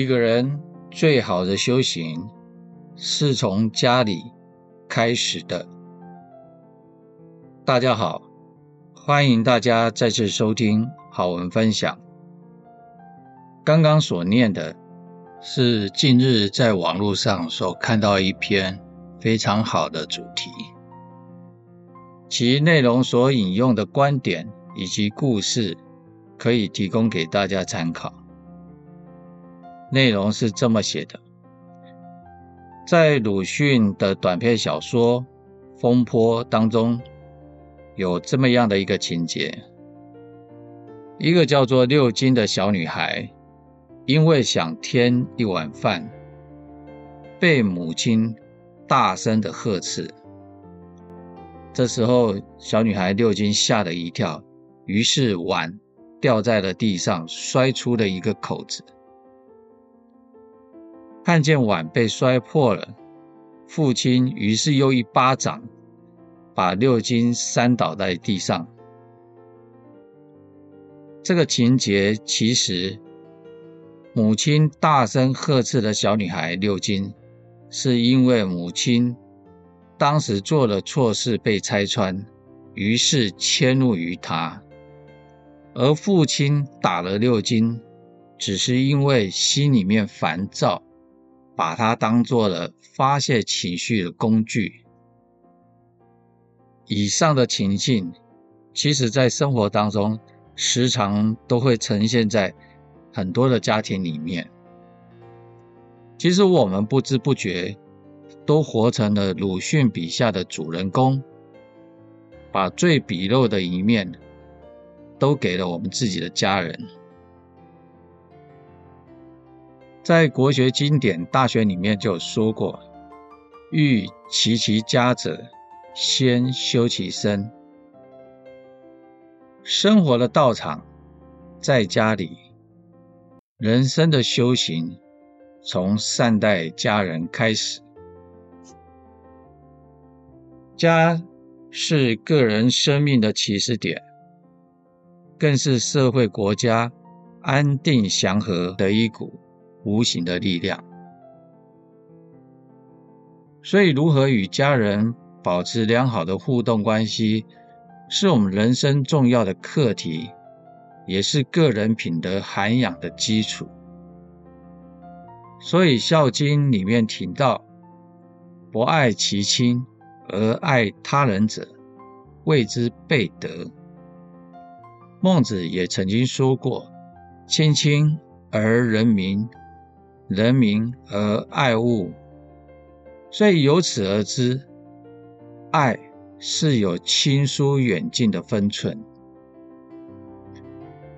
一個人最好的修行，是從家裡開始的。大家好，歡迎大家再次收聽好文分享。剛剛所念的是近日在網絡上所看到一篇非常好的主題。其內容所引用的觀點以及故事，可以提供給大家參考。內容是這麼寫的：在魯迅的短篇小說《風波》當中，有這麼樣的一個情節，一個叫做六斤的小女孩，因為想添一碗飯，被母親大聲的呵斥。這時候，小女孩六斤嚇了一跳，於是碗掉在了地上，摔出了一個口子。看見碗被摔破了，父親於是又一巴掌，把六斤扇倒在地上。這個情節其實，母親大聲呵斥了小女孩六斤，是因為母親當時做了錯事被拆穿，於是遷怒於她；而父親打了六斤，只是因為心裡面煩躁。把它當做了發洩情緒的工具。以上的情境，其實在生活當中，時常都會呈現在很多的家庭裡面。其實我們不知不覺都活成了魯迅筆下的主人公，把最鄙陋的一面都給了我們自己的家人。在國學經典《大學》裡面就說過：“欲齊其，其家者，先修其身。”生活的道場在家裡，人生的修行從善待家人開始。家是個人生命的起始點，更是社會國家安定祥和的一股無形的力量。所以，如何與家人保持良好的互動關係，是我們人生重要的課題，也是個人品德涵養的基礎。所以，《孝經》裡面提到：“不愛其親，而愛他人者，謂之悖德。”孟子也曾經說過：“親親而仁民。”仁民而愛物，所以由此而知，愛是有親疏遠近的分寸。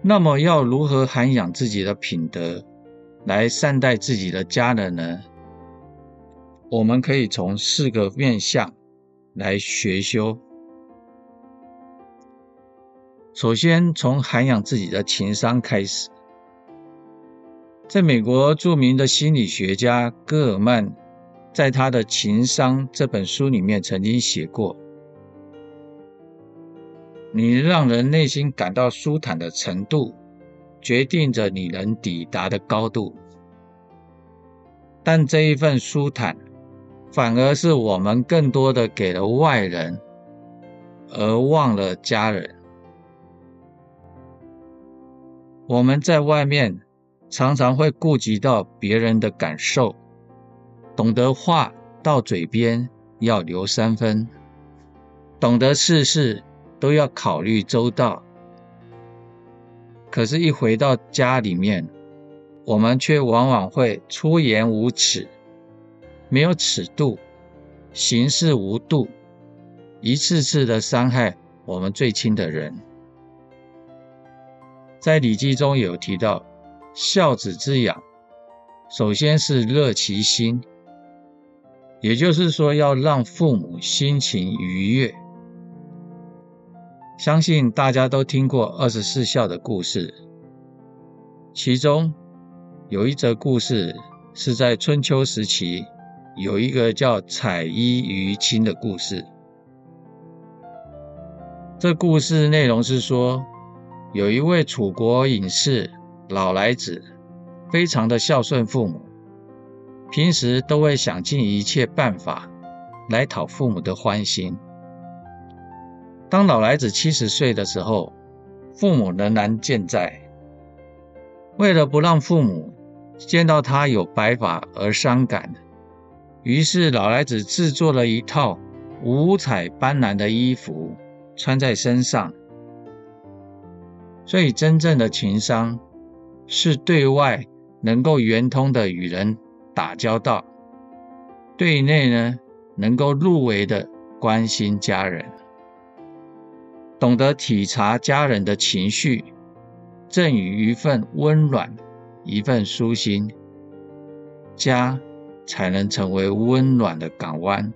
那麼要如何涵養自己的品德，來善待自己的家人呢？我們可以從四個面向來學修。首先，從涵養自己的情商開始。在美國著名的心理學家戈爾曼在他的《情商》這本書裡面曾經寫過：“你讓人內心感到舒坦的程度，決定着你能抵達的高度。”但這一份舒坦，反而是我們更多的給了外人，而忘了家人。我們在外面。常常會顧及到別人的感受，懂得話到嘴邊要留三分，懂得事事都要考慮周到。可是，一回到家裡面，我們卻往往會出言無恥，沒有尺度，行事無度，一次次的傷害我們最親的人。在《禮記》中有提到。孝子之養，首先是樂其心，也就是說要讓父母心情愉悅。相信大家都聽過二十四孝的故事，其中有一則故事是在春秋時期，有一個叫彩衣娛親的故事。這故事內容是說，有一位楚國隱士。老來子非常的孝順父母，平時都會想盡一切辦法來討父母的歡心。當老來子七十歲的時候，父母仍然健在。為了不讓父母見到他有白髮而傷感，於是老來子製作了一套五彩斑斕的衣服穿在身上。所以真正的情商，是對外能夠圓通的與人打交道，對內呢，能夠入微的關心家人，懂得體察家人的情緒，贈予一份溫暖，一份舒心，家才能成為溫暖的港灣。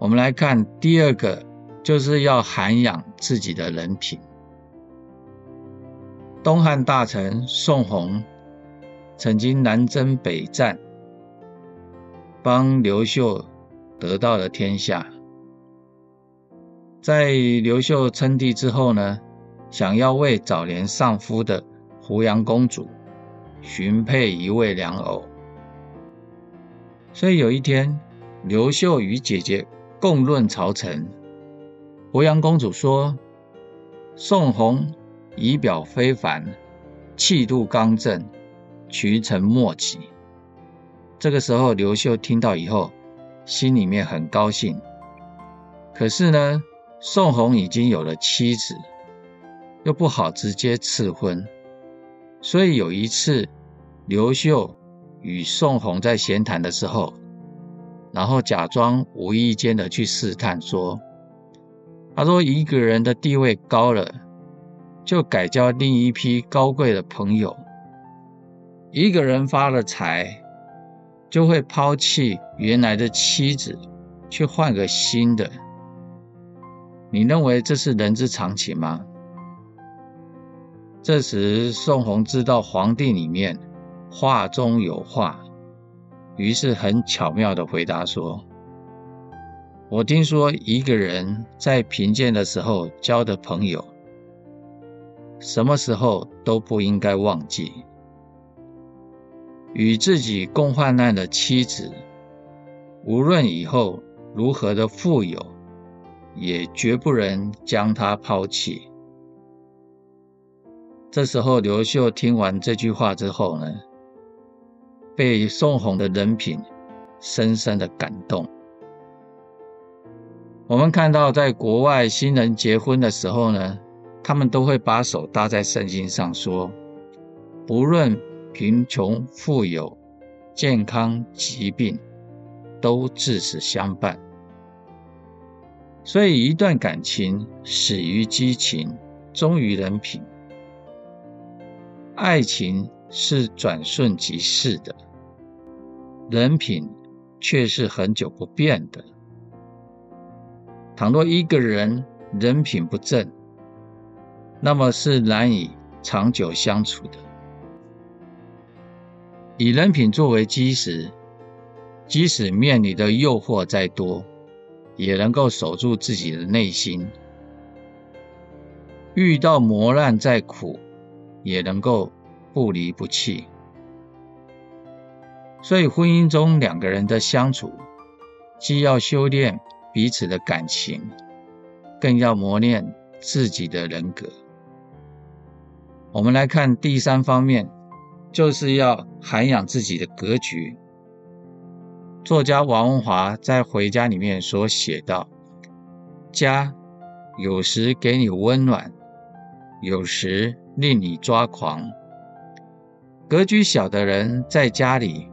我們來看第二個，就是要涵養自己的人品。東漢大臣宋弘曾經南征北戰，幫劉秀得到了天下。在劉秀稱帝之後呢，想要為早年喪夫的湖陽公主尋配一位良偶。所以有一天，劉秀與姐姐共論朝臣，湖陽公主說：“宋弘。”儀表非凡，氣度剛正，群臣莫及。這個時候，劉秀聽到以後，心裡面很高興。可是呢，宋弘已經有了妻子，又不好直接賜婚。所以有一次，劉秀與宋弘在閒談的時候，然後假裝無意間的去試探說：“他說一個人的地位高了。”就改交另一批高貴的朋友。一個人發了財，就會拋棄原來的妻子，去換個新的。你認為這是人之常情嗎？這時，宋弘知道皇帝裡面話中有話，於是很巧妙地回答說：“我聽說一個人在貧賤的時候交的朋友。”什麼時候都不應該忘記與自己共患難的妻子，無論以後如何的富有，也絕不能將她拋棄。這時候，劉秀聽完這句話之後呢，被宋弘的人品深深的感動。我們看到，在國外新人結婚的時候呢。他們都會把手搭在聖經上說：“不論貧窮富有、健康疾病，都至死相伴。”所以，一段感情始於激情，終於人品。愛情是轉瞬即逝的，人品卻是很久不變的。倘若一個人人品不正，那麼是難以長久相處的。以人品作為基石，即使面臨的誘惑再多，也能夠守住自己的內心；遇到磨難再苦，也能夠不離不棄。所以，婚姻中兩個人的相處，既要修煉彼此的感情，更要磨練自己的人格。我們來看第三方面，就是要涵養自己的格局。作家王文華在《回家》裡面所寫道：“家有時給你溫暖，有時令你抓狂。格局小的人在家裡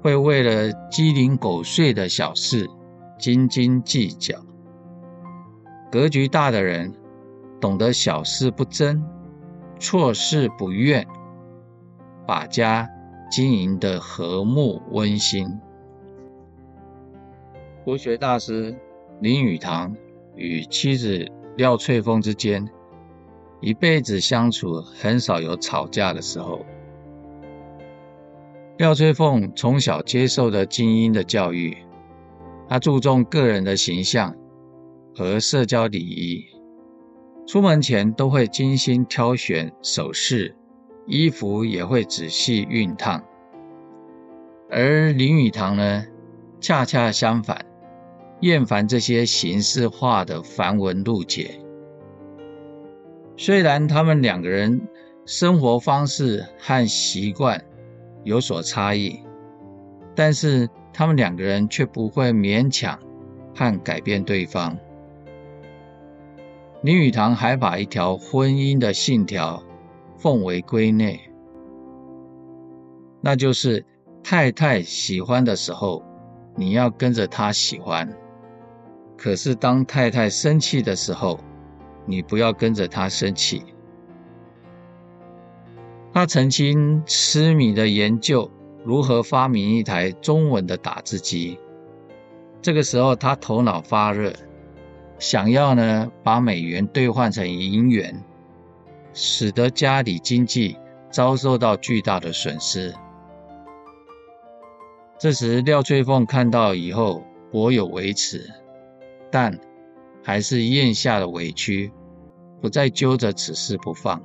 會為了雞零狗碎的小事斤斤計較；格局大的人懂得小事不爭。”錯事不怨，把家經營得和睦溫馨。國學大師林語堂與妻子廖翠鳳之間，一輩子相處很少有吵架的時候。廖翠鳳從小接受的精英的教育，她注重個人的形象和社交禮儀。出門前都會精心挑選首飾，衣服也會仔細熨燙。而林語堂呢，恰恰相反，厭煩這些形式化的繁文縟節。雖然他們兩個人生活方式和習慣有所差異，但是他們兩個人卻不會勉強和改變對方。林語堂還把一條婚姻的信條奉為圭臬，那就是太太喜歡的時候，你要跟着她喜歡；可是當太太生氣的時候，你不要跟着她生氣。他曾經痴迷的研究如何發明一台中文的打字機，這個時候他頭腦發熱。想要呢，把美元兌換成銀元，使得家裡經濟遭受到巨大的損失。這時廖翠鳳看到以後頗有微詞，但還是嚥下了委屈，不再揪着此事不放。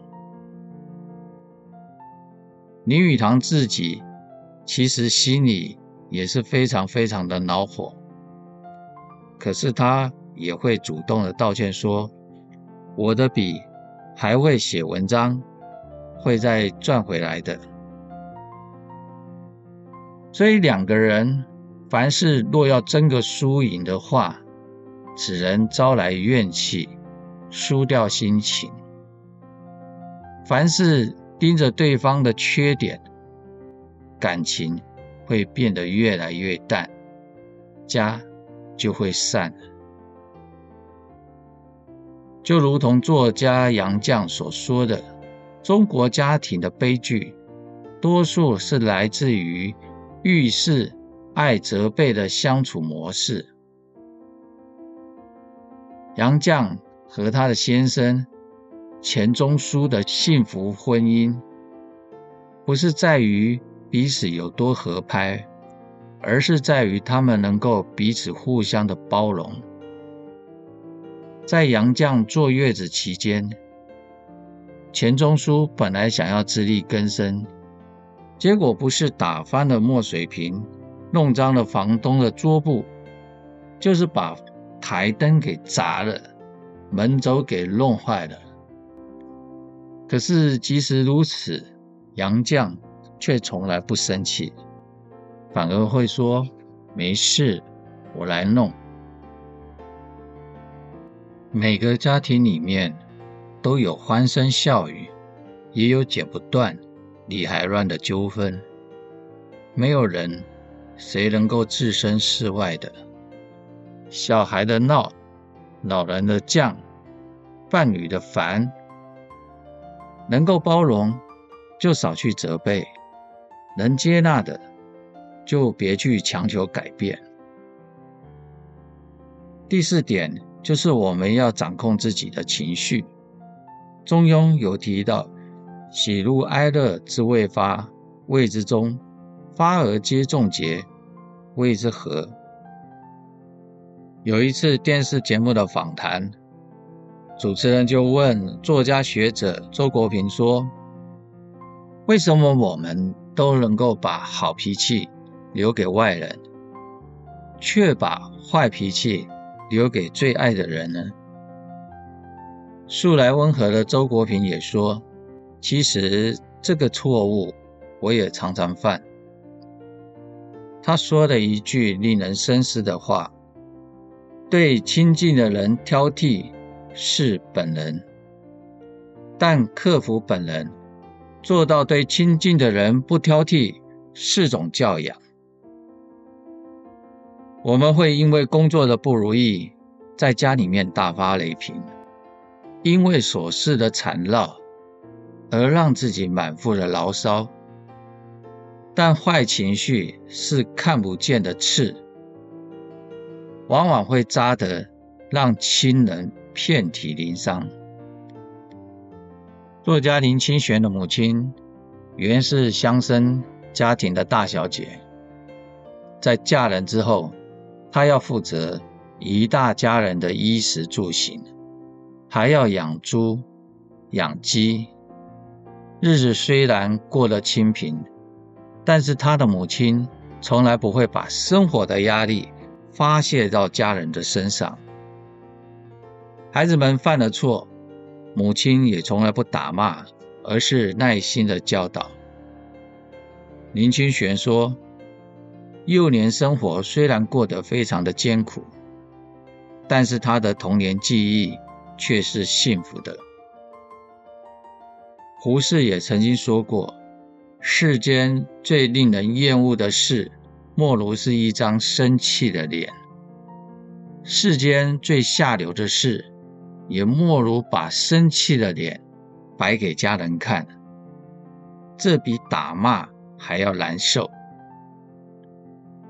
林語堂自己其實心裡也是非常非常的惱火，可是他。也會主動的道歉，說：“我的筆還會寫文章，會再賺回來的。”所以兩個人凡事若要爭個輸贏的話，只能招來怨氣，輸掉心情。凡事盯着對方的缺點，感情會變得越來越淡，家就會散了。就如同作家楊絳所說的，中國家庭的悲劇，多數是來自於遇事愛責備的相處模式。楊絳和他的先生錢鍾書的幸福婚姻，不是在於彼此有多合拍，而是在於他們能夠彼此互相的包容。在楊絳坐月子期間，錢鍾書本來想要自力更生，結果不是打翻了墨水瓶，弄髒了房東的桌布，就是把檯燈給砸了，門軸給弄壞了。可是即使如此，楊絳卻從來不生氣，反而會說：“沒事，我來弄。”每個家庭裡面都有歡聲笑語，也有剪不斷、理還亂的糾紛。沒有人誰能夠置身事外的。小孩的鬧，老人的犟，伴侶的煩，能夠包容就少去責備，能接納的就別去強求改變。第四點。就是我們要掌控自己的情緒。中庸有提到：“喜怒哀樂之未發，謂之中；發而皆中節，謂之和。”有一次電視節目的訪談，主持人就問作家學者周國平說：“為什麼我們都能夠把好脾氣留給外人，卻把壞脾氣？”留給最愛的人呢？素來溫和的周國平也說：“其實這個錯誤我也常常犯。”他說了一句令人深思的話：“對親近的人挑剔是本能，但克服本能，做到對親近的人不挑剔是種教養。”我們會因為工作的不如意，在家裡面大發雷霆；因為瑣事的纏繞，而讓自己滿腹的牢騷。但壞情緒是看不見的刺，往往會扎得讓親人遍體鱗傷。作家林清玄的母親，原是鄉紳家庭的大小姐，在嫁人之後。他要負責一大家人的衣食住行，還要養豬、養雞，日子雖然過得清貧，但是他的母親從來不會把生活的壓力發洩到家人的身上。孩子們犯了錯，母親也從來不打罵，而是耐心的教導。林清玄說，幼年生活雖然過得非常的艱苦，但是他的童年記憶卻是幸福的。胡適也曾經說過：“世間最令人厭惡的事，莫如是一張生氣的臉；世間最下流的事，也莫如把生氣的臉擺給家人看，這比打罵還要難受。”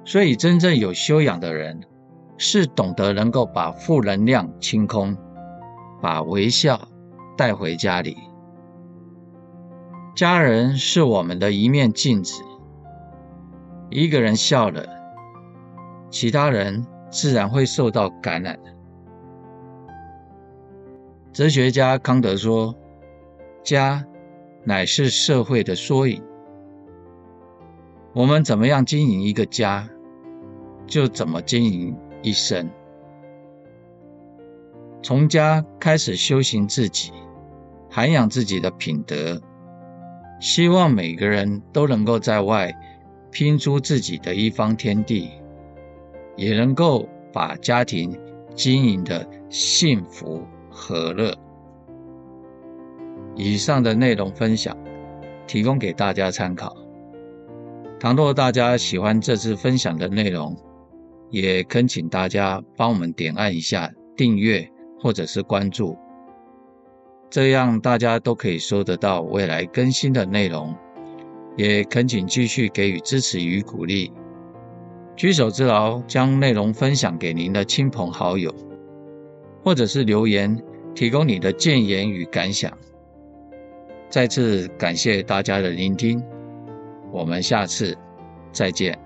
所以，真正有修養的人是懂得能夠把負能量清空，把微笑帶回家裡。家人是我們的一面鏡子，一個人笑了，其他人自然會受到感染。哲學家康德說：“家乃是社會的縮影。”我們怎麼樣經營一個家？就怎麼經營一生，從家開始修行自己，涵養自己的品德，希望每個人都能夠在外拼出自己的一方天地，也能夠把家庭經營的幸福和樂。以上的內容分享，提供給大家參考。倘若大家喜歡這次分享的內容，也懇請大家幫我們點按一下訂閱或者是關注，這樣大家都可以收得到未來更新的內容。也懇請繼續給予支持與鼓勵，舉手之勞將內容分享給您的親朋好友，或者是留言提供你的建言與感想。再次感謝大家的聆聽，我們下次再見。